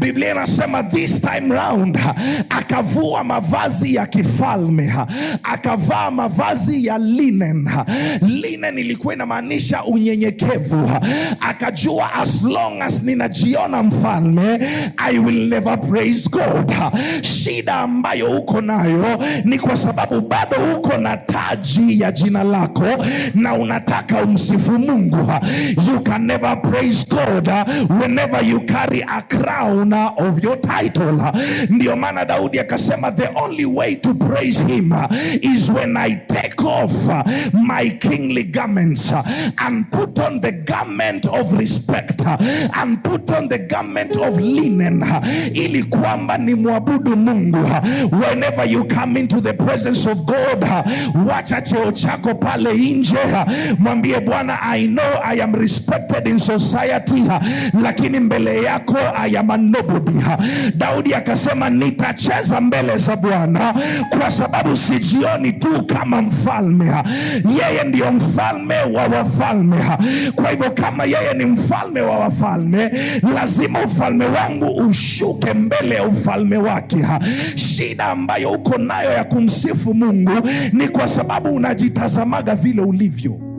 Biblia inasema this time round akavua mavazi ya kifalme, akavaa mavazi ya linen. Linen ilikuwa inamaanisha unyenyekevu. Akajua as long as ninajiona mfalme, I will never praise God. Shida ambayo uko nayo ni kwa sababu bado uko na maji ya jina lako na unataka umsifu Mungu. You can never praise God whenever you carry a crown of your title. Ndio maana Daudi akasema the only way to praise him is when I take off my kingly garments and put on the garment of respect and put on the garment of linen, ili kwamba ni mwabudu Mungu whenever you come into the presence of God acha cheo chako pale nje, mwambie Bwana, I know I am respected in society, lakini mbele yako I am a nobody. Daudi akasema nitacheza mbele za Bwana kwa sababu sijioni tu kama mfalme, yeye ndiyo mfalme wa wafalme. Kwa hivyo kama yeye ni mfalme wa wafalme, lazima ufalme wangu ushuke mbele ya ufalme wake. Shida ambayo uko nayo ya kumsifu Mungu ni kwa sababu sababu unajitazamaga vile ulivyo.